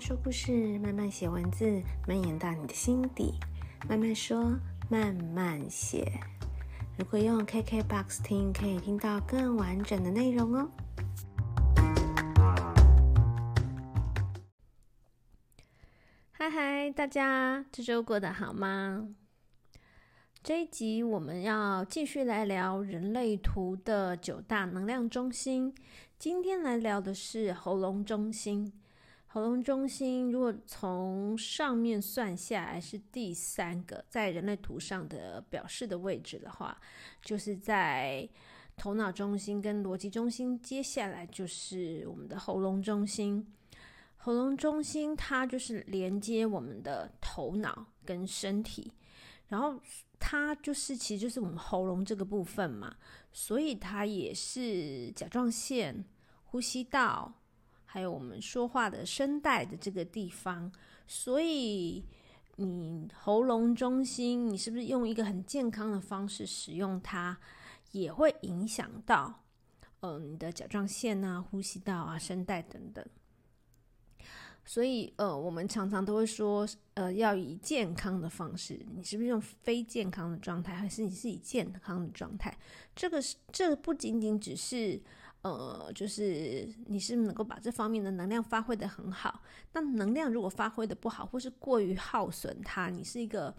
說故事，蔓蔓寫文字，蔓延到你的心底。蔓蔓說，蔓蔓寫。如果用 KK Box 聽，可以聽到更完整的內容哦。嗨嗨，大家，這周過得好嗎？這一集我們要繼續來聊人類圖的九大能量中心。今天來聊的是喉嚨中心。喉嚨中心，如果從上面算下來是第三個，在人類圖上的表示的位置的話，就是在頭腦中心跟邏輯中心，接下來就是我們的喉嚨中心。喉嚨中心，它就是連接我們的頭腦跟身體，然後它就是其實就是我們喉嚨這個部分嘛，所以它也是甲狀腺、呼吸道，還有我們說話的聲帶的這個地方，所以你喉嚨中心，你是不是用一個很健康的方式使用它，也會影響到，嗯、呃、你的甲狀腺啊、呼吸道啊、聲帶等等。所以，呃，我們常常都會說，呃，要以健康的方式，你是不是用非健康的狀態，還是你自己健康的狀態？這個是，這個不僅僅只是。呃，就是你是能夠把這方面的能量發揮得很好。那能量如果發揮得不好，或是過於耗損它，你是一個，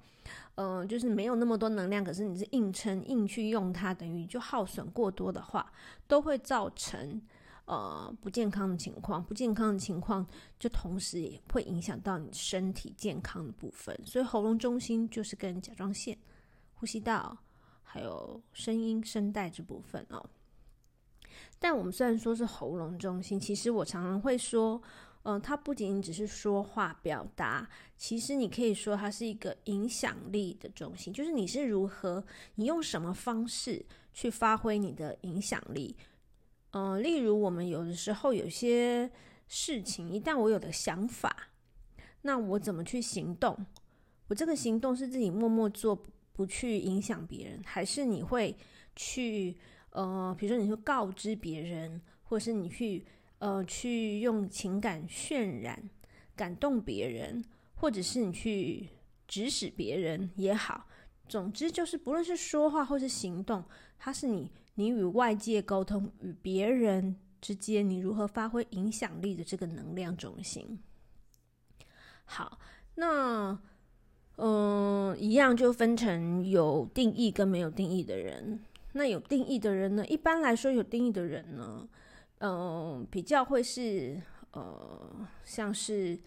呃，就是沒有那麼多能量，可是你是硬撐硬去用它，等於就耗損過多的話，都會造成呃不健康的情況。不健康的情況，就同時也會影響到你身體健康的部分。所以，喉嚨中心就是跟甲狀腺、呼吸道還有聲音聲帶這部分哦。但我們雖然說是喉嚨中心，其實我常常會說，嗯、呃，它不僅僅只是說話表達，其實你可以說它是一個影響力的中心，就是你是如何，你用什麼方式去發揮你的影響力。嗯、呃，例如我們有的時候有些事情，一旦我有的想法，那我怎麼去行動？我這個行動是自己默默做，不去影響別人，還是你會去？呃，比如說，你去告知別人，或者是你去呃，去用情感渲染感動別人，或者是你去指使別人也好，總之就是不論是說話或是行動，它是你你與外界溝通、與別人之間你如何發揮影響力的這個能量中心。好，那嗯，呃，一樣就分成有定義跟沒有定義的人。那有定義的人呢？一般來說，有定義的人呢，嗯、呃，比較會是呃，像是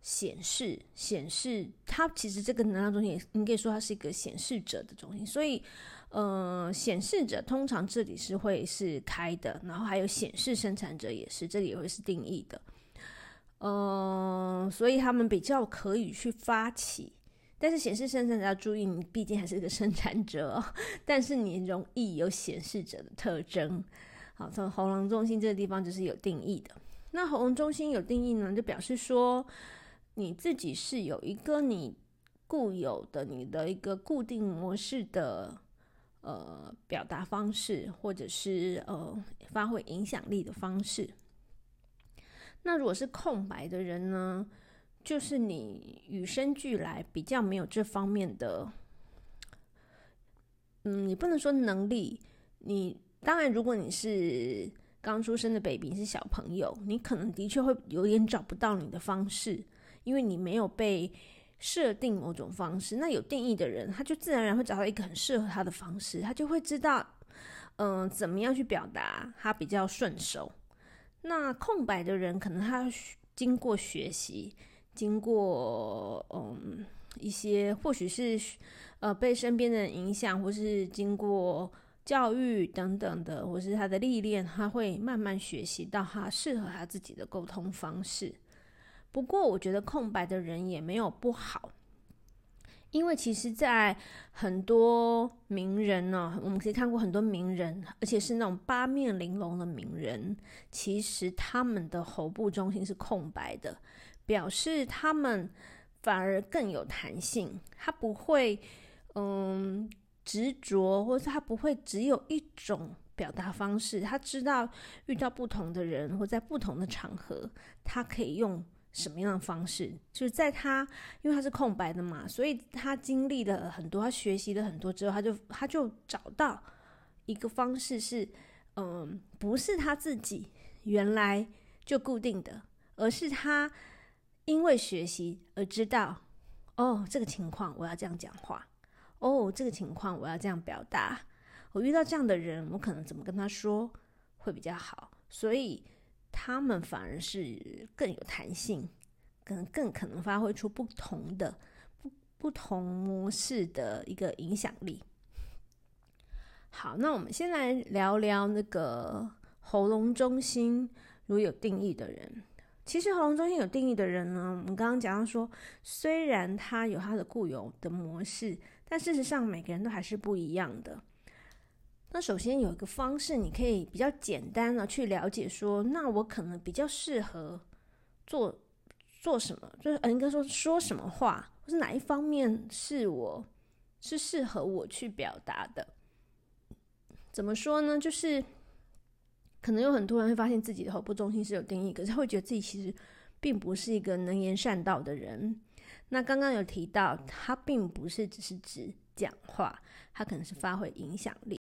顯示、顯示，他其實這個能量中心也，你可以說他是一個顯示者的中心。所以，呃，顯示者通常這裡是會是開的，然後還有顯示生產者也是，這裡也會是定義的。嗯、呃，所以他們比較可以去發起。但是顯示生產者要注意，你畢竟還是個生產者，但是你容易有顯示者的特徵。好，從喉嚨中心這個地方就是有定義的。那喉嚨中心有定義呢，就表示說你自己是有一個你固有的你的一個固定模式的呃表達方式，或者是呃發揮影響力的方式。那如果是空白的人呢？就是你與生俱來比較沒有這方面的，嗯，你不能說能力。你當然，如果你是剛出生的 baby，是小朋友，你可能的確會有點找不到你的方式，因為你沒有被設定某種方式。那有定義的人，他就自然而然會找到一個很適合他的方式，他就會知道，嗯、呃，怎麼樣去表達，他比較順手。那空白的人，可能他經過學習。經過嗯一些或許是呃被身邊的人影響，或是經過教育等等的，或是他的歷練，他會慢慢學習到他適合他自己的溝通方式。不過，我覺得空白的人也沒有不好，因為其實，在很多名人呢，啊，我們可以看過很多名人，而且是那種八面玲瓏的名人，其實他們的喉部中心是空白的。表示他們反而更有彈性，他不會，嗯，執着，或者他不會只有一種表達方式。他知道遇到不同的人或在不同的場合，他可以用什麼樣的方式。就是在他因為他是空白的嘛，所以他經歷了很多，他學習了很多之後，他就他就找到一個方式是，嗯，不是他自己原來就固定的，而是他。因為學習而知道，哦，這個情況我要這樣講話，哦，這個情況我要這樣表達。我遇到這樣的人，我可能怎麼跟他說會比較好？所以他們反而是更有彈性，可能更可能發揮出不同的，不不同模式的一個影響力。好，那我們先來聊聊那個喉嚨中心，如有定義的人。其實，喉嚨中心有定義的人呢，我們剛剛講到說，雖然他有他的固有的模式，但事實上每個人都還是不一樣的。那首先有一個方式，你可以比較簡單的去了解說，那我可能比較適合做做什麼，就是、呃、應該說說什麼話，或是哪一方面是我是適合我去表達的。怎麼說呢？就是。可能有很多人會發現自己的喉部中心是有定義，可是會覺得自己其實並不是一個能言善道的人。那剛剛有提到，他並不是只是指講話，他可能是發揮影響力，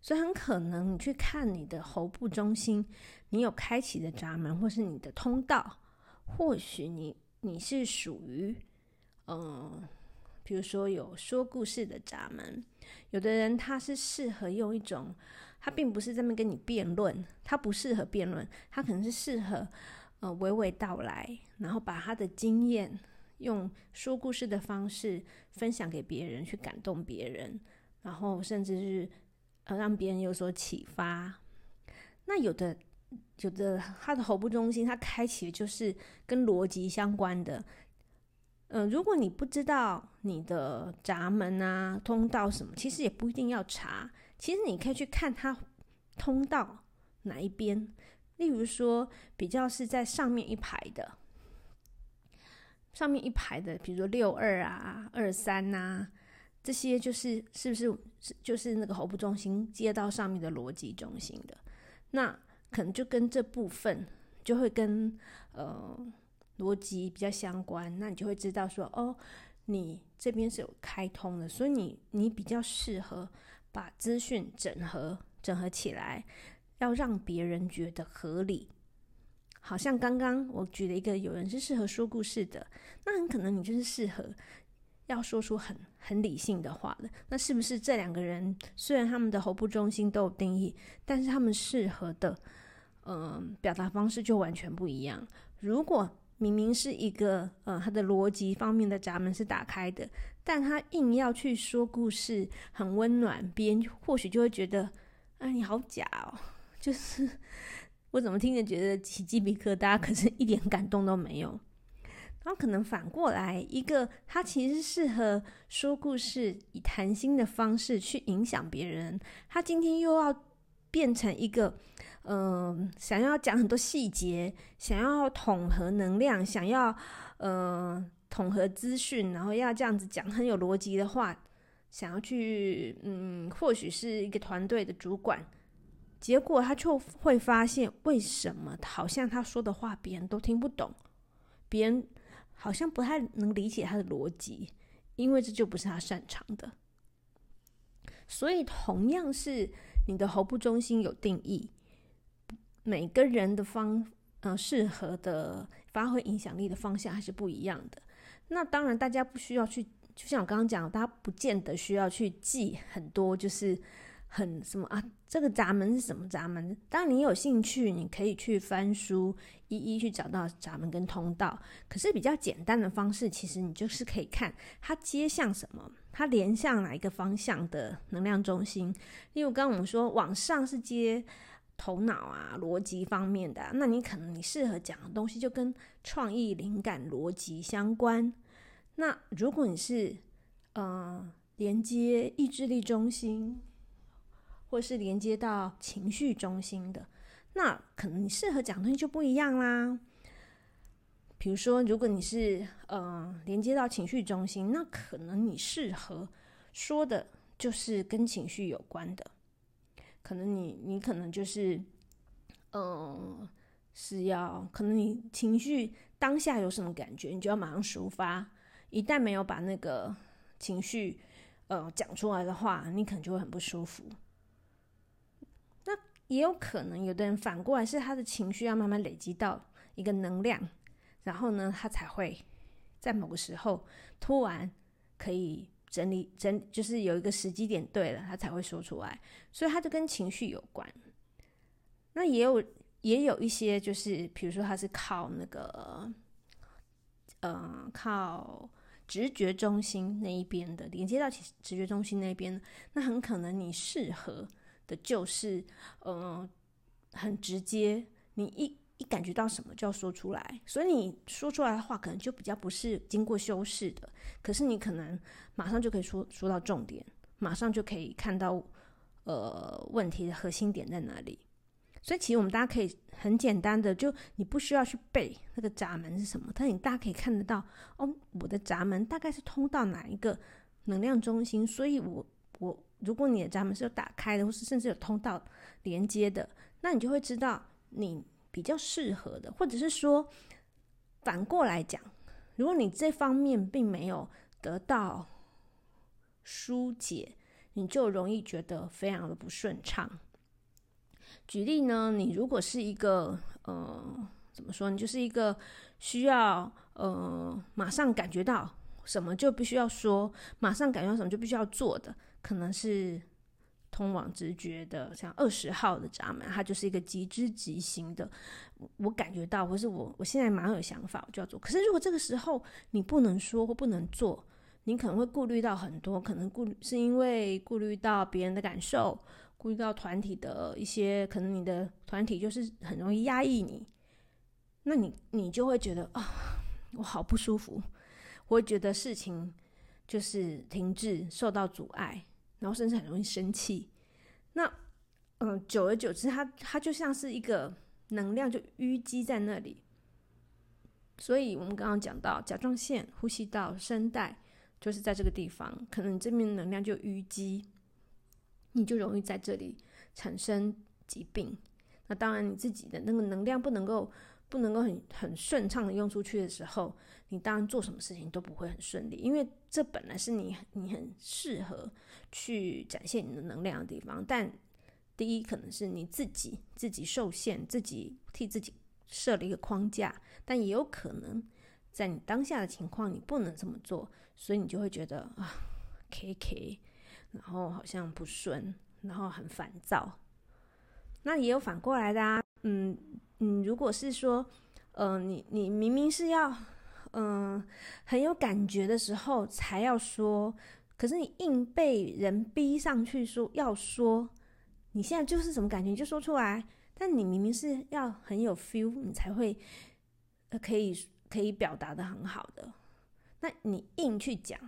所以很可能你去看你的喉部中心，你有開啟的閘門，或是你的通道，或許你你是屬於，嗯、呃，比如說有說故事的閘門，有的人他是適合用一種。他並不是這麼跟你辯論，他不適合辯論，他可能是適合呃娓娓道來，然後把他的經驗用說故事的方式分享給別人，去感動別人，然後甚至是呃讓別人有所啟發。那有的有的他的喉部中心，他開啟的就是跟邏輯相關的。嗯、呃，如果你不知道你的閘門啊、通道什麼，其實也不一定要查。其實你可以去看它通道哪一邊，例如說比較是在上面一排的，上面一排的，比如說六二啊、二三啊，這些就是，是不是，是就是那個喉部中心接到上面的邏輯中心的，那可能就跟這部分就會跟呃邏輯比較相關，那你就會知道說哦，你這邊是有開通的，所以你你比較適合把資訊整合、整合起來，要讓別人覺得合理。好像剛剛我舉了一個，有人是適合說故事的，那很可能你就是適合要說出很很理性的話的。那是不是這兩個人雖然他們的喉部中心都有定義，但是他們適合的，嗯、呃，表達方式就完全不一樣？如果明明是一個，呃、嗯，他的邏輯方面的閘門是打開的，但他硬要去說故事很溫暖，別人或許就會覺得，啊、哎，你好假哦！就是我怎麼聽着覺得起雞皮疙瘩，可是一點感動都沒有。然後可能反過來，一個他其實適合說故事，以談心的方式去影響別人，他今天又要變成一個。嗯、呃，想要講很多細節，想要統合能量，想要呃統合資訊，然後要這樣子講很有邏輯的話，想要去嗯，或許是一個團隊的主管，結果他就會發現，為什麼好像他說的話別人都聽不懂，別人好像不太能理解他的邏輯，因為這就不是他擅長的。所以，同樣是你的喉部中心有定義。每個人的方，呃，適合的發揮影響力的方向還是不一樣的。那當然，大家不需要去，就像我剛剛講，大家不見得需要去記很多，就是很什麼啊，這個閘門是什麼閘門？當然，你有興趣，你可以去翻書，一一去找到閘門跟通道。可是，比較簡單的方式，其實你就是可以看它接向什麼，它連向哪一個方向的能量中心。例如剛剛我們說，往上是接。頭腦啊，邏輯方面的啊，那你可能你適合講的東西就跟創意、靈感、邏輯相關。那如果你是呃連接意志力中心，或是連接到情緒中心的，那可能你適合講的東西就不一樣啦。比如說，如果你是呃連接到情緒中心，那可能你適合說的就是跟情緒有關的。可能你你可能就是，嗯、呃，是要可能你情緒當下有什麼感覺，你就要馬上抒發。一旦沒有把那個情緒，呃，講出來的話，你可能就會很不舒服。那也有可能，有的人反過來是他的情緒要慢慢累積到一個能量，然後呢，他才會在某個時候突然可以。整理整理就是有一個時機點對了，他才會說出來，所以他就跟情緒有關。那也有也有一些，就是比如說他是靠那個，呃，靠直覺中心那一邊的，連接到直直覺中心那邊，那很可能你適合的就是，嗯，呃，很直接，你一。一感覺到什麼就要說出來，所以你說出來的話可能就比較不是經過修飾的，可是你可能馬上就可以說說到重點，馬上就可以看到，呃，問題的核心點在哪裡。所以其實我們大家可以很簡單的，就你不需要去背那個閘門是什麼，但你大家可以看得到哦，我的閘門大概是通到哪一個能量中心，所以我我如果你的閘門是有打開的，或是甚至有通道連接的，那你就會知道你。比較適合的，或者是說反過來講，如果你這方面並沒有得到疏解，你就容易覺得非常的不順暢。舉例呢，你如果是一個呃，怎麼說？你就是一個需要呃，馬上感覺到什麼就必須要說，馬上感覺到什麼就必須要做的，可能是。通往直覺的，像二十號的閘門，它就是一個即知即行的我。我感覺到，或是我，我現在蠻有想法，我就要做。可是如果這個時候你不能說或不能做，你可能會顧慮到很多，可能顧慮是因為顧慮到別人的感受，顧慮到團體的一些，可能你的團體就是很容易壓抑你，那你你就會覺得啊、哦，我好不舒服，我會覺得事情就是停滯，受到阻礙。然後甚至很容易生氣，那嗯、呃，久而久之，它它就像是一個能量就淤積在那裡。所以我們剛剛講到甲狀腺、呼吸道、聲帶，就是在這個地方，可能你這邊的能量就淤積，你就容易在這裡產生疾病。那當然，你自己的那個能量不能夠不能夠很很順暢的用出去的時候。你當然做什麼事情都不會很順利，因為這本來是你你很適合去展現你的能量的地方。但第一，可能是你自己自己受限，自己替自己設了一個框架；但也有可能在你當下的情況，你不能這麼做，所以你就會覺得啊，卡卡，然後好像不順，然後很煩躁。那也有反過來的啊，嗯嗯，如果是說，呃，你你明明是要。嗯，很有感覺的時候才要說。可是你硬被人逼上去說，要說你現在就是什麼感覺，你就說出來。但你明明是要很有 feel，你才會可以可以表達的很好的。那你硬去講，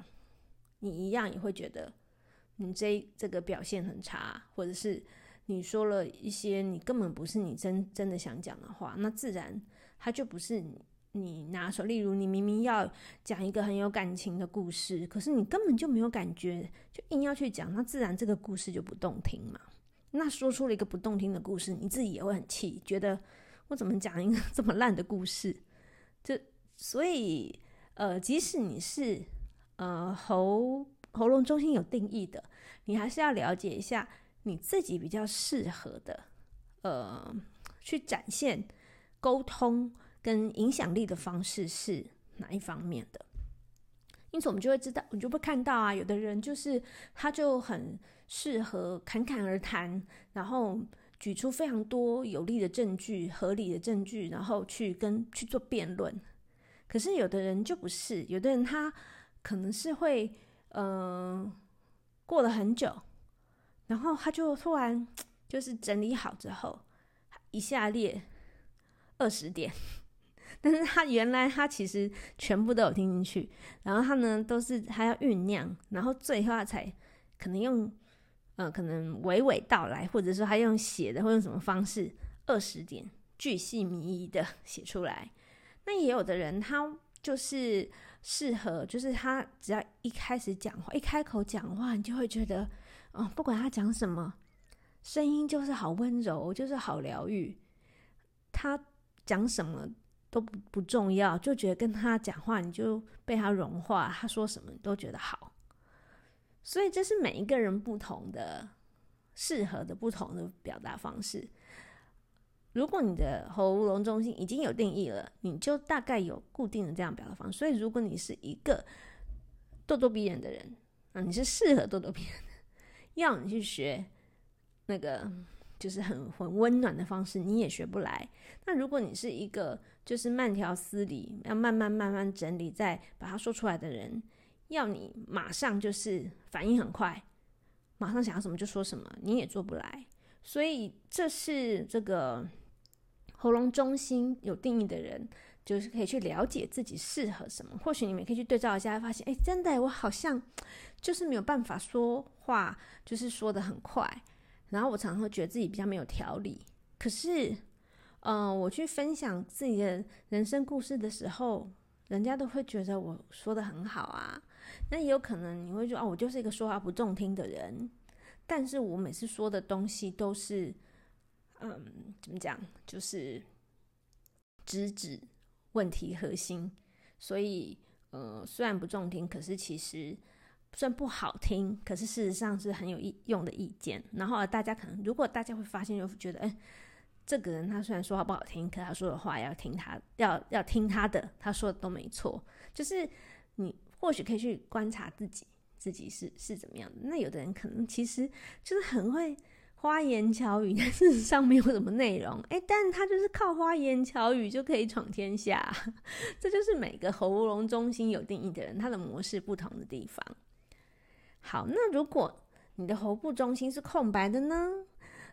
你一樣也會覺得你這這個表現很差，或者是你說了一些你根本不是你真真的想講的話，那自然他就不是你。你拿手，例如你明明要講一個很有感情的故事，可是你根本就沒有感覺，就硬要去講，那自然這個故事就不動聽嘛。那說出了一個不動聽的故事，你自己也會很氣，覺得我怎麼講一個這麼爛的故事？就，所以呃，即使你是呃喉喉嚨中心有定義的，你還是要了解一下你自己比較適合的呃，去展現溝通。跟影響力的方式是哪一方面的。因此，我們就會知道，我們就會看到啊，有的人就是他就很適合侃侃而談，然後舉出非常多有力的證據、合理的證據，然後去跟去做辯論。可是，有的人就不是，有的人他可能是會嗯、呃、過了很久，然後他就突然就是整理好之後，一下列二十點。但是他原來他其實全部都有聽進去，然後他呢都是他要醞釀，然後最後他才可能用，呃，可能娓娓道來，或者說他用寫的或者用什麼方式二十點巨細靡遺的寫出來。那也有的人他就是適合，就是他只要一開始講話，一開口講話，你就會覺得，哦、嗯，不管他講什麼，聲音就是好溫柔，就是好療癒，他講什麼，都不不重要，就覺得跟他講話，你就被他融化，他說什麼你都覺得好。所以這是每一個人不同的、適合的不同的表達方式。如果你的喉嚨中心已經有定義了，你就大概有固定的這樣表達方式。所以如果你是一個咄咄逼人的人，啊，你是適合咄咄逼人的，要你去學那個就是很很溫暖的方式，你也學不來。那如果你是一個就是慢條斯理，要慢慢慢慢整理，再把它說出來的人，要你馬上就是反應很快，馬上想要什麼就說什麼，你也做不來。所以這是這個喉嚨中心有定義的人，就是可以去了解自己適合什麼。或許你們可以去對照一下，發現，哎，真的我好像就是沒有辦法說話，就是說得很快，然後我常常覺得自己比較沒有條理，可是。嗯、呃，我去分享自己的人生故事的時候，人家都會覺得我說的很好啊。那也有可能你會說啊、哦，我就是一個說話不中聽的人，但是我每次說的東西都是，嗯，怎麼講，就是直指問題核心。所以，呃，雖然不中聽，可是其實雖然不好聽，可是事實上是很有用的意見。然後，大家可能如果大家會發現，就會覺得哎。誒這個人他雖然說話不好聽，可他說的話要聽他，他要要聽他的，他說的都沒錯。就是你或許可以去觀察自己，自己是是怎麼樣。那有的人可能其實就是很會花言巧語，但事實上沒有什麼內容。哎，但他就是靠花言巧語就可以闖天下。 這就是每個喉嚨中心有定義的人，他的模式不同的地方。好，那如果你的喉部中心是空白的呢？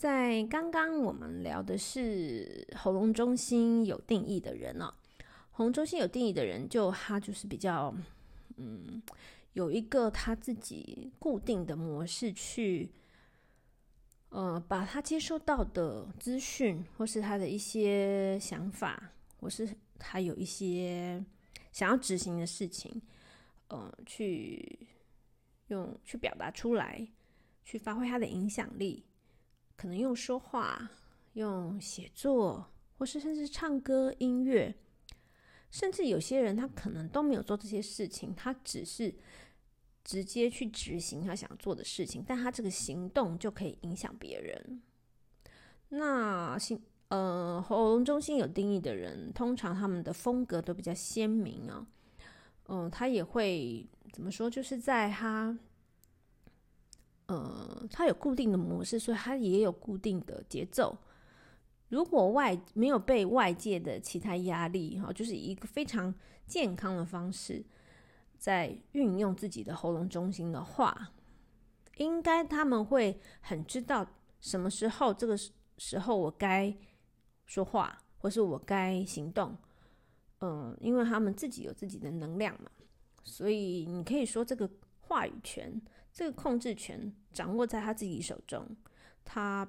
在剛剛我們聊的是喉嚨中心有定義的人啊、喔，喉嚨中心有定義的人就，就他就是比較，嗯，有一個他自己固定的模式去，呃，把他接收到的資訊，或是他的一些想法，或是他有一些想要執行的事情，呃，去用去表達出來，去發揮他的影響力。可能用說話、用寫作，或是甚至唱歌、音樂，甚至有些人他可能都沒有做這些事情，他只是直接去執行他想做的事情，但他這個行動就可以影響別人。那心呃，喉嚨中心有定義的人，通常他們的風格都比較鮮明啊、哦。嗯、呃，他也會怎麼說？就是在他。呃、嗯，它有固定的模式，所以它也有固定的節奏。如果外沒有被外界的其他壓力哈，就是一個非常健康的方式，在運用自己的喉嚨中心的話，應該他們會很知道什麼時候，這個時候我該說話，或是我該行動。嗯，因為他們自己有自己的能量嘛，所以你可以說這個話語權。這個控制權掌握在他自己手中，他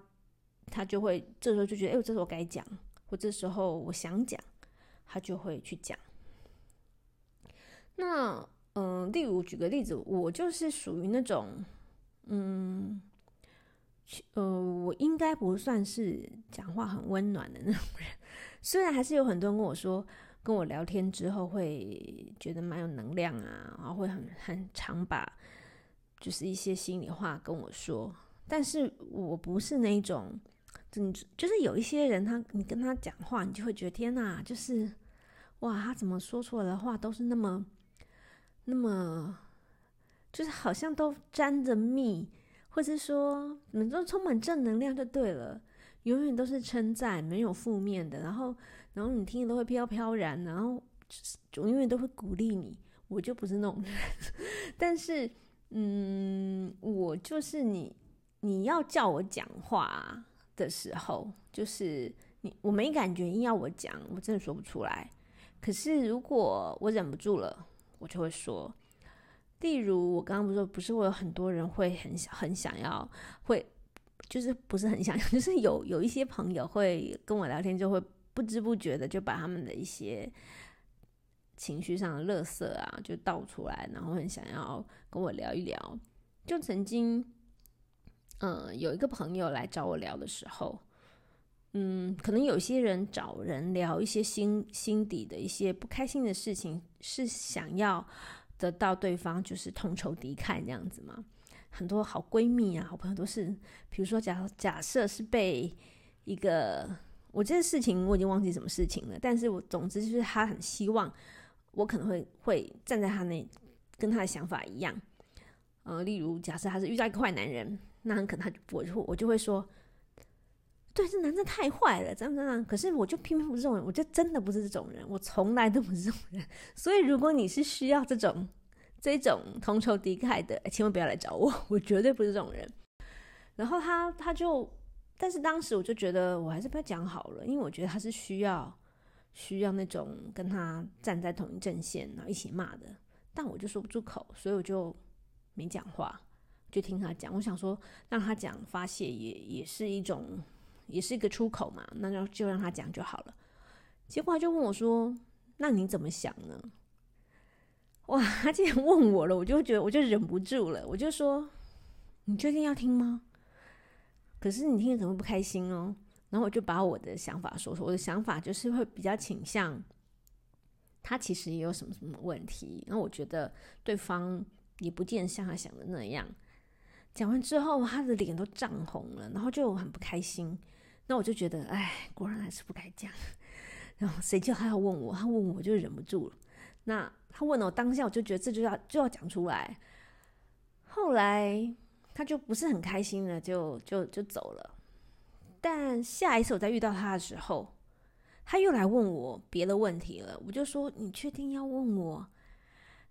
他就會，這時候就覺得，哎、欸，我這時候該講，或這時候我想講，他就會去講。那嗯，例如舉個例子，我就是屬於那種，嗯，呃，我應該不算是講話很溫暖的那種人，雖然還是有很多人跟我說，跟我聊天之後會覺得蠻有能量啊，然、啊、後會很很長把。就是一些心裡話跟我說，但是我不是那種，就就是有一些人他，他你跟他講話，你就會覺得天哪，啊，就是哇，他怎麼說出來的話都是那麼那麼，就是好像都沾着蜜，或者說，你都充滿正能量就對了，永遠都是稱讚，沒有負面的，然後然後你聽的都會飄飄然，然後就永遠都會鼓勵你，我就不是那種， 但是。嗯，我就是你。你要叫我講話的時候，就是你我沒感覺，硬要我講，我真的說不出來。可是如果我忍不住了，我就會說。例如我剛剛不是說，不是會有很多人會很想很想要，會就是不是很想要，就是有有一些朋友會跟我聊天，就會不知不覺的就把他們的一些。情緒上的垃圾啊，就倒出來，然後很想要跟我聊一聊。就曾經，嗯，有一個朋友來找我聊的時候，嗯，可能有些人找人聊一些心心底的一些不開心的事情，是想要得到對方就是同仇敵愾這樣子嘛。很多好閨蜜啊，好朋友都是，比如說假假設是被一個我這個事情我已經忘記什麼事情了，但是我總之就是他很希望，我可能會會站在他那，跟他的想法一樣，呃，例如假設他是遇到一個壞男人，那很可能他就我就我就會說，對，這男的太壞了，怎樣怎樣。可是我就偏偏不是這種人，我就真的不是這種人，我從來都不是這種人。所以如果你是需要這種這種同仇敵愾的，欸，千萬不要來找我，我絕對不是這種人。然後他他就，但是當時我就覺得我還是不要講好了，因為我覺得他是需要。需要那種跟他站在同一陣線，然後一起罵的，但我就說不出口，所以我就沒講話，就聽他講。我想說，讓他講發洩也，也也是一種，也是一個出口嘛。那就就讓他講就好了。結果他就問我說：“那你怎麼想呢？”哇，他竟然問我了，我就覺得我就忍不住了，我就說：“你確定要聽嗎？”可是你聽了可能會不開心哦。然後我就把我的想法說說，我的想法就是會比較傾向他其實也有什麼什麼問題，然後我覺得對方也不見得像他想的那樣。講完之後，他的臉都漲紅了，然後就很不開心。那我就覺得，哎，果然還是不該講。然後誰叫他要問我，他問我就忍不住了。那他問了我，當下我就覺得這就要就要講出來。後來他就不是很開心的，就就就走了。但下一次我再遇到他的時候，他又來問我別的問題了。我就說：“你確定要問我？”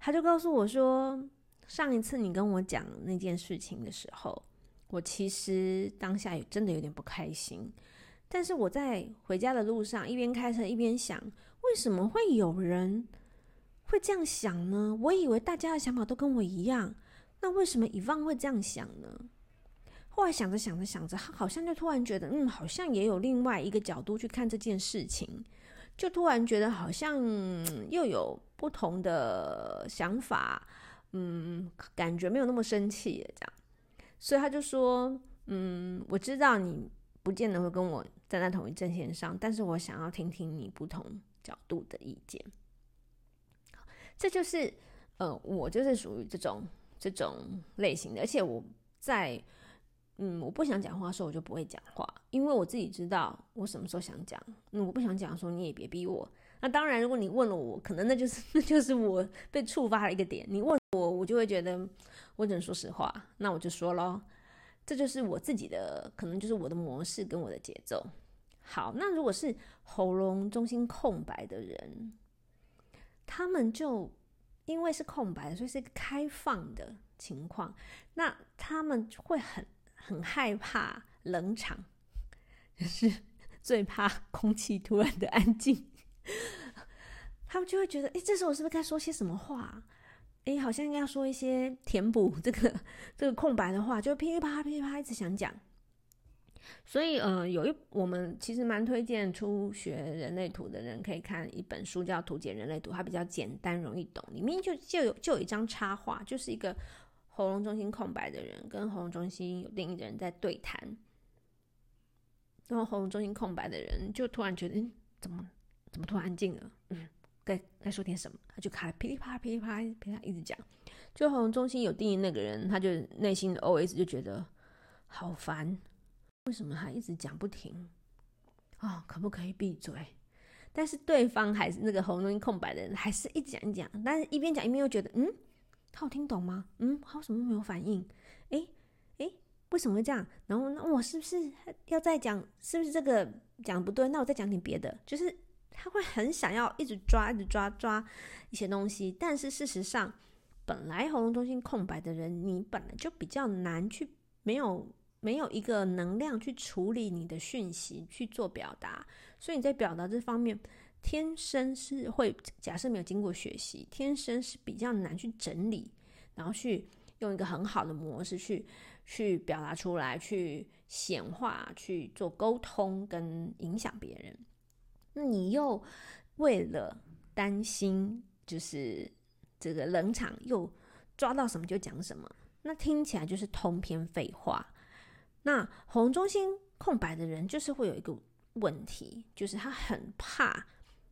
他就告訴我說：“上一次你跟我講那件事情的時候，我其實當下也真的有點不開心。但是我在回家的路上一邊開車一邊想，為什麼會有人會這樣想呢？我以為大家的想法都跟我一樣，那為什麼 Yvonne 會這樣想呢？”後來想着想着想着，好像就突然覺得，嗯，好像也有另外一個角度去看這件事情，就突然覺得好像又有不同的想法，嗯，感覺沒有那麼生氣這樣。所以他就說，嗯，我知道你不見得會跟我站在同一陣線上，但是我想要聽聽你不同角度的意見。這就是，呃，我就是屬於這種這種類型的，而且我在。嗯，我不想講話的時候，我就不會講話，因為我自己知道我什麼時候想講。那、嗯、我不想講的時候，你也別逼我。那當然，如果你問了我，可能那就是那就是我被觸發了一個點。你問我，我就會覺得我只能說實話，那我就說咯，這就是我自己的，可能就是我的模式跟我的節奏。好，那如果是喉嚨中心空白的人，他們就因為是空白，所以是一個開放的情況，那他們會很。很害怕冷場，也是最怕空氣突然的安靜。他們就會覺得，哎、欸，這時候我是不是該說些什麼話？哎、欸，好像應該要說一些填補這個這個空白的話，就噼里啪啦噼里啪啦一直想講。所以，呃，有一我們其實蠻推薦初學人類圖的人可以看一本書，叫《圖解人類圖》，它比較簡單容易懂，裡面就就有就有一張插畫，就是一個。喉嚨中心空白的人跟喉嚨中心有定義的人在對談，然後喉嚨中心空白的人就突然覺得，嗯、欸，怎麼怎麼突然安靜了？嗯，該該說點什麼？他就開始噼里啪噼里啪噼里啪，哩啪，哩啪，啪，啪一直講。就喉嚨中心有定義那個人，他就內心的 OS 就覺得好煩，為什麼還一直講不停？啊、哦，可不可以閉嘴？但是對方還是那個喉嚨中心空白的人，還是一直講一講。但是一邊講一邊又覺得，嗯。他有聽懂嗎？嗯，他為什麼沒有反應？哎、欸，哎、欸，為什麼會這樣？然後那我是不是要再講？是不是這個講不對？那我再講點別的。就是他會很想要一直抓，一直抓，抓一些東西。但是事實上，本來喉嚨中心空白的人，你本來就比較難去沒有沒有一個能量去處理你的訊息去做表達，所以你在表達這方面。天生是會假設沒有經過學習，天生是比較難去整理，然後去用一個很好的模式去去表達出來，去顯化，去做溝通跟影響別人。那你又為了擔心就是這個冷場，又抓到什麼就講什麼，那聽起來就是通篇廢話。那喉中心空白的人就是會有一個問題，就是他很怕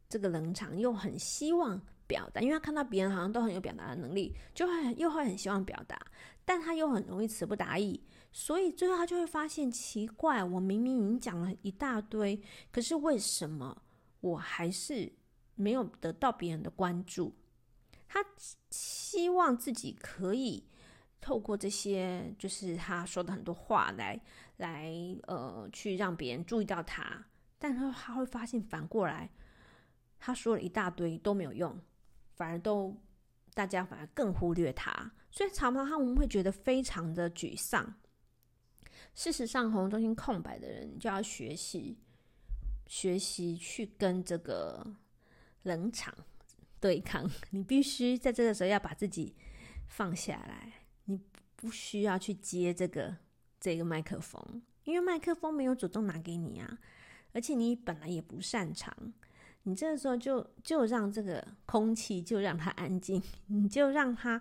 這個冷場，又很希望表達，因為他看到別人好像都很有表達的能力，就會又會很希望表達，但他又很容易詞不達意，所以最後他就會發現奇怪，我明明已經講了一大堆，可是為什麼我還是沒有得到別人的關注？他希望自己可以透過這些，就是他說的很多話來來呃，去讓別人注意到他，但是他會發現反過來。他說了一大堆都沒有用，反而都大家反而更忽略他，所以常常他們會覺得非常的沮喪。事實上，喉中心空白的人就要學習學習去跟這個冷場對抗。你必須在這個時候要把自己放下來，你不需要去接這個這個麥克風，因為麥克風沒有主動拿給你啊，而且你本來也不擅長。你這時候就就讓這個空氣就讓它安靜，你就讓它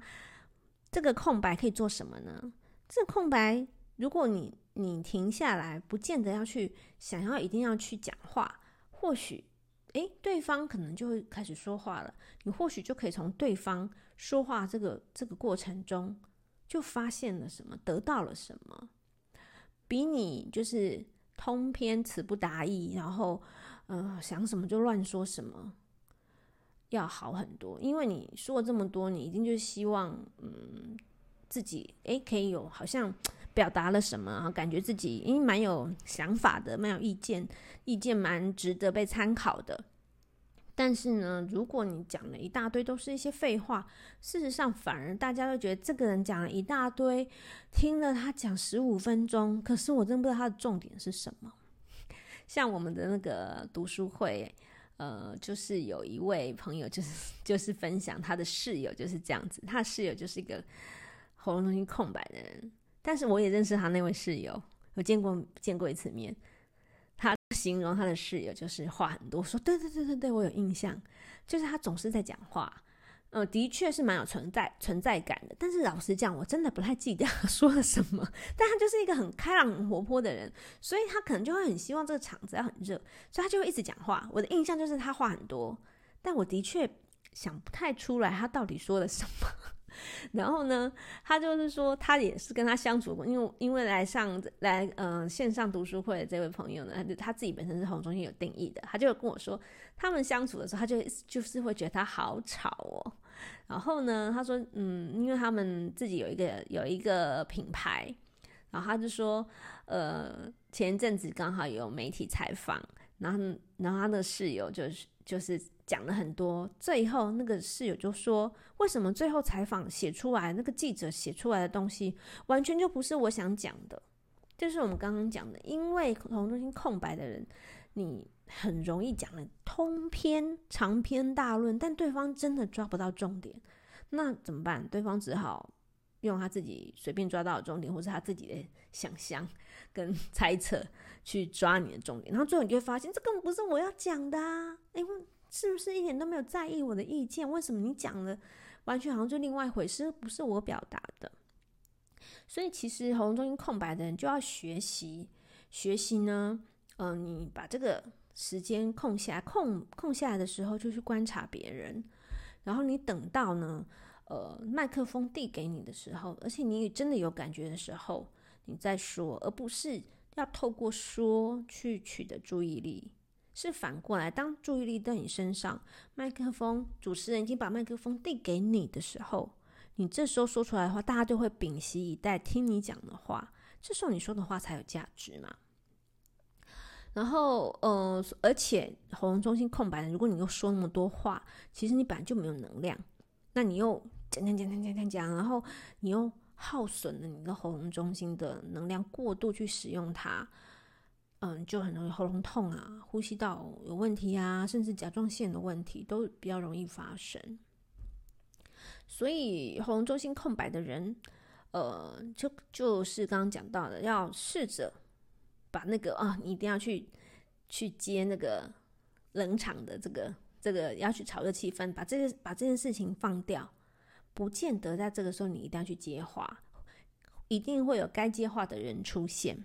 這個空白可以做什麼呢？這空白，如果你你停下來，不見得要去想要一定要去講話，或許誒，對方可能就會開始說話了。你或許就可以從對方說話這個這個過程中，就發現了什麼，得到了什麼，比你就是通篇詞不達意，然後。嗯、呃，想什麼就亂說什麼，要好很多。因為你說了這麼多，你一定就希望，嗯，自己誒，可以有好像表達了什麼，感覺自己因為蠻有想法的，蠻有意見，意見蠻值得被參考的。但是呢，如果你講了一大堆，都是一些廢話，事實上反而大家都覺得這個人講了一大堆，聽了他講十五分鐘，可是我真不知道他的重點是什麼。像我們的那個讀書會，呃，就是有一位朋友，就是就是分享他的室友就是這樣子，他的室友就是一個喉嚨中心空白的人。但是我也認識他那位室友，我見過見過一次面。他形容他的室友就是話很多，說對對對對對，我有印象，就是他總是在講話。呃，的確是蠻有存在存在感的。但是老實講，我真的不太記得他說了什麼。但他就是一個很開朗、很活潑的人，所以他可能就會很希望這個場子要很熱，所以他就會一直講話。我的印象就是他話很多，但我的確想不太出來他到底說了什麼。然後呢，他就是說，他也是跟他相處過，因為因為來上來嗯、呃、線上讀書會的這位朋友呢，他就他自己本身是喉中心有定義的，他就跟我說，他們相處的時候，他就就是會覺得他好吵哦。然後呢，他說，嗯，因為他們自己有一個有一個品牌，然後他就說，呃，前一陣子剛好有媒體採訪，然後然後他的室友就是就是。講了很多，最後那個室友就說：“為什麼最後採訪寫出來，那個記者寫出來的東西完全就不是我想講的？”就是我們剛剛講的，因為喉中心空白的人，你很容易講的通篇長篇大論，但對方真的抓不到重點，那怎麼辦？對方只好用他自己隨便抓到的重點，或是他自己的想象跟猜測去抓你的重點，然後最後你就會發現，這個、根本不是我要講的。啊。欸是不是一點都沒有在意我的意見？為什麼你講的完全好像就另外一回事，不是我表達的？所以其實喉嚨中心空白的人就要學習，學習呢，嗯、呃，你把這個時間空下來，空空下來的時候就去觀察別人，然後你等到呢，呃，麥克風遞給你的時候，而且你真的有感覺的時候，你再說，而不是要透過說去取得注意力。是反過來，當注意力在你身上，麥克風主持人已經把麥克風遞給你的時候，你這時候說出來的話，大家就會屏息以待聽你講的話。這時候你說的話才有價值嘛。然後，呃，而且喉嚨中心空白，如果你又說那麼多話，其實你本來就沒有能量，那你又講講講講講講，然後你又耗損了你的喉嚨中心的能量，過度去使用它。嗯，就很容易喉嚨痛啊，呼吸道有問題啊，甚至甲狀腺的問題都比較容易發生。所以，喉嚨中心空白的人，呃、嗯，就就是剛剛講到的，要試着把那個啊，你一定要去去接那個冷場的這個這個，要去炒熱氣氛，把這個把這件事情放掉，不見得在這個時候你一定要去接話，一定會有該接話的人出現。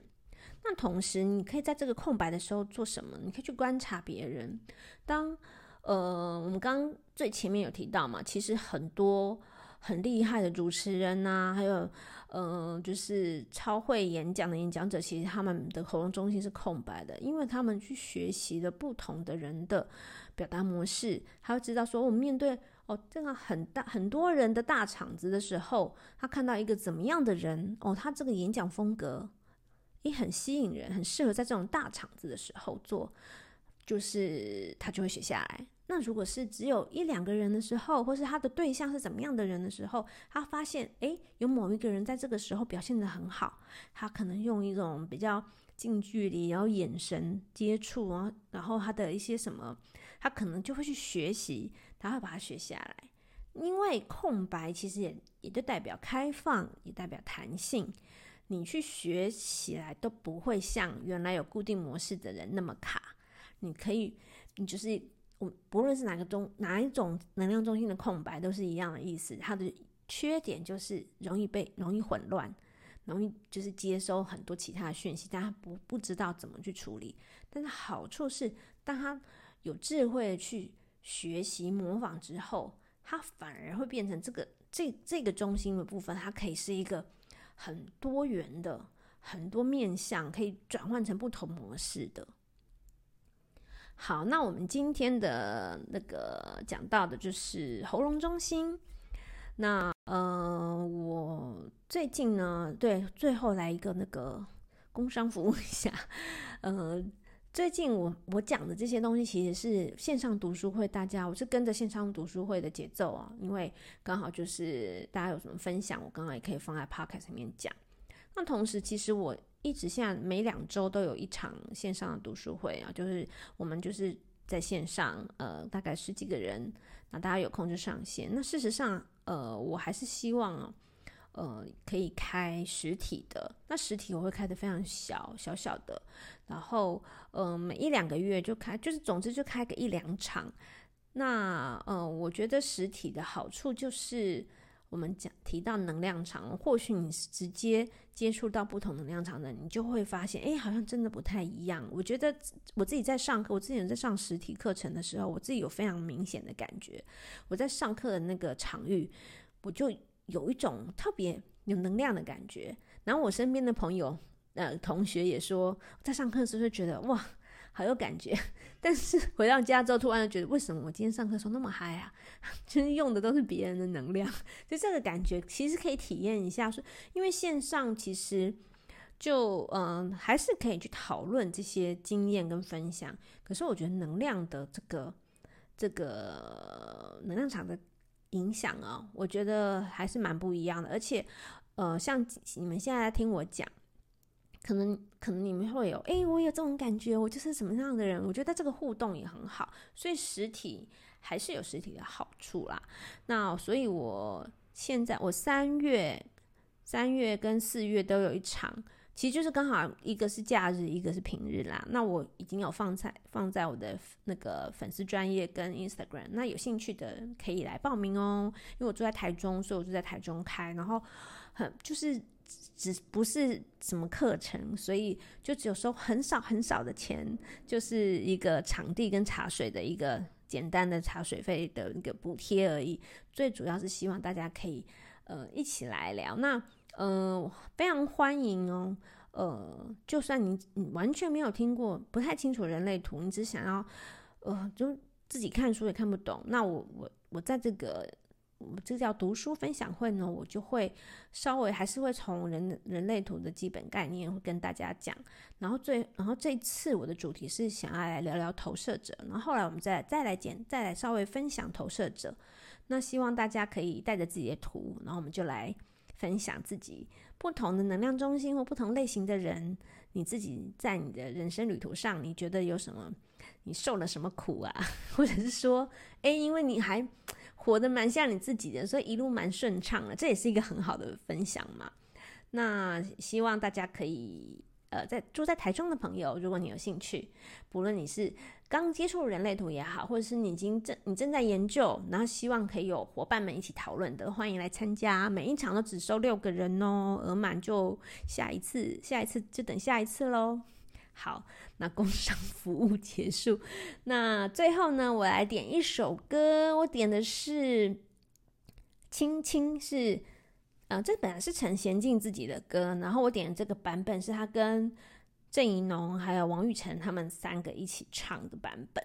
那同時，你可以在這個空白的時候做什麼？你可以去觀察別人。當呃，我們剛剛最前面有提到嘛，其實很多很厲害的主持人吶、啊，還有呃，就是超會演講的演講者，其實他們的喉嚨中心是空白的，因為他們去學習了不同的人的表達模式，他會知道說，我、哦、面對哦這個很大很多人的大場子的時候，他看到一個怎麼樣的人哦，他這個演講風格。也很吸引人，很適合在這種大場子的時候做，就是他就會學下來。那如果是只有一兩個人的時候，或是他的對象是怎麼樣的人的時候，他發現哎，有某一個人在這個時候表現得很好，他可能用一種比較近距離，然後眼神接觸啊，然後他的一些什麼，他可能就會去學習，他會把它學下來。因為空白其實也也就代表開放，也代表彈性。你去學起來都不會像原來有固定模式的人那麼卡。你可以，你就是我，不論是哪個中哪一種能量中心的空白，都是一樣的意思。它的缺點就是容易被容易混亂，容易就是接收很多其他的訊息，但他不不知道怎麼去處理。但是好處是，當他有智慧地去學習模仿之後，他反而會變成這個這這個中心的部分，它可以是一個。很多元的，很多面向可以轉換成不同模式的。好，那我們今天的那個講到的就是喉嚨中心。那呃，我最近呢，對，最後來一個那個工商服務一下，呃。最近我我講的這些東西其實是線上讀書會，大家我是跟着線上讀書會的節奏啊，因為剛好就是大家有什麼分享，我剛好也可以放在 podcast 裡面講。那同時，其實我一直現在每兩週都有一場線上的讀書會啊，就是我們就是在線上，呃，大概十幾個人，那大家有空就上線。那事實上，呃，我還是希望哦。呃，可以開實體的，那實體我會開得非常小小小的，然後呃，每一兩個月就開，就是總之就開個一兩場。那呃，我覺得實體的好處就是，我們講提到能量場，或許你直接接觸到不同能量場的，你就會發現，哎、欸，好像真的不太一樣。我覺得我自己在上課，我自己在上實體課程的時候，我自己有非常明顯的感覺，我在上課的那個場域，我就。有一種特別有能量的感覺，然後我身邊的朋友、呃同學也說，在上課的時候就覺得哇，好有感覺。但是回到家之後，突然就覺得，為什麼我今天上課的時候那麼嗨啊？就是用的都是別人的能量，就這個感覺其實可以體驗一下。說，因為線上其實就嗯、呃，還是可以去討論這些經驗跟分享。可是我覺得能量的這個這個能量場的。影響啊、哦，我覺得還是蠻不一樣的，而且，呃，像你們現在聽我講，可能可能你們會有，哎、欸，我有這種感覺，我就是什麼樣的人，我覺得這個互動也很好，所以實體還是有實體的好處啦。那所以我現在我三月、三月跟四月都有一場。其實就是剛好一個是假日，一個是平日啦。那我已經有放在放在我的那個粉絲專頁跟 Instagram，那有興趣的人可以來報名哦。因為我住在台中，所以我就在台中開。然後很就是只不是什麼課程，所以就只有收很少很少的錢，就是一個場地跟茶水的一個簡單的茶水費的一個補貼而已。最主要是希望大家可以呃一起來聊那。呃，非常歡迎哦。呃，就算你，你完全沒有聽過，不太清楚人類圖，你只想要，呃，就自己看書也看不懂。那我我我在這個，我這叫讀書分享會呢，我就會稍微還是會從人人類圖的基本概念會跟大家講。然後最，然後這次我的主題是想要來聊聊投射者，然後後來我們再再來講，再來稍微分享投射者。那希望大家可以帶着自己的圖，然後我們就來。分享自己不同的能量中心或不同類型的人，你自己在你的人生旅途上，你覺得有什麼？你受了什麼苦啊？或者是說，哎、欸，因為你還活得蠻像你自己的，所以一路蠻順暢的。這也是一個很好的分享嘛。那希望大家可以。呃，在住在台中的朋友，如果你有興趣，不論你是剛接觸人類圖也好，或者是你已經正你正在研究，然後希望可以有夥伴們一起討論的，歡迎來參加。每一場都只收六個人哦、喔，額滿就下一次，下一次就等下一次嘍。好，那工商服務結束，那最後呢，我來點一首歌，我點的是《輕輕》，是。呃、這本來是陳嫻靜自己的歌，然後我點的這個版本是他跟鄭宜農還有王玉誠他們三個一起唱的版本。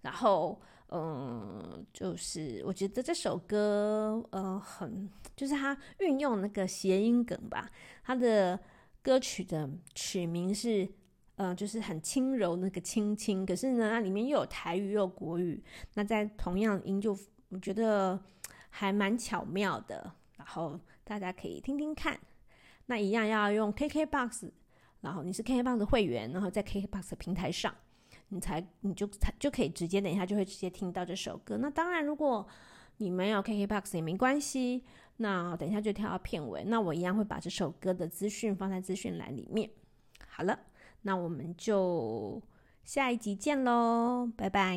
然後，嗯、呃，就是我覺得這首歌，呃，很就是他運用那個諧音梗吧。他的歌曲的曲名是，呃，就是很輕柔那個“輕輕”，可是呢，它裡面又有台語又有國語，那在同樣音就我覺得還蠻巧妙的。然後。大家可以聽聽看，那一樣要用 KKBOX，然後你是 KKBOX 的會員，然後在 KKBOX 的平台上，你才你就就可以直接，等一下就會直接聽到這首歌。那當然，如果你沒有 KKBOX 也沒關係，那等一下就跳到片尾，那我一樣會把這首歌的資訊放在資訊欄裡面。好了，那我們就下一集見嘍，拜拜。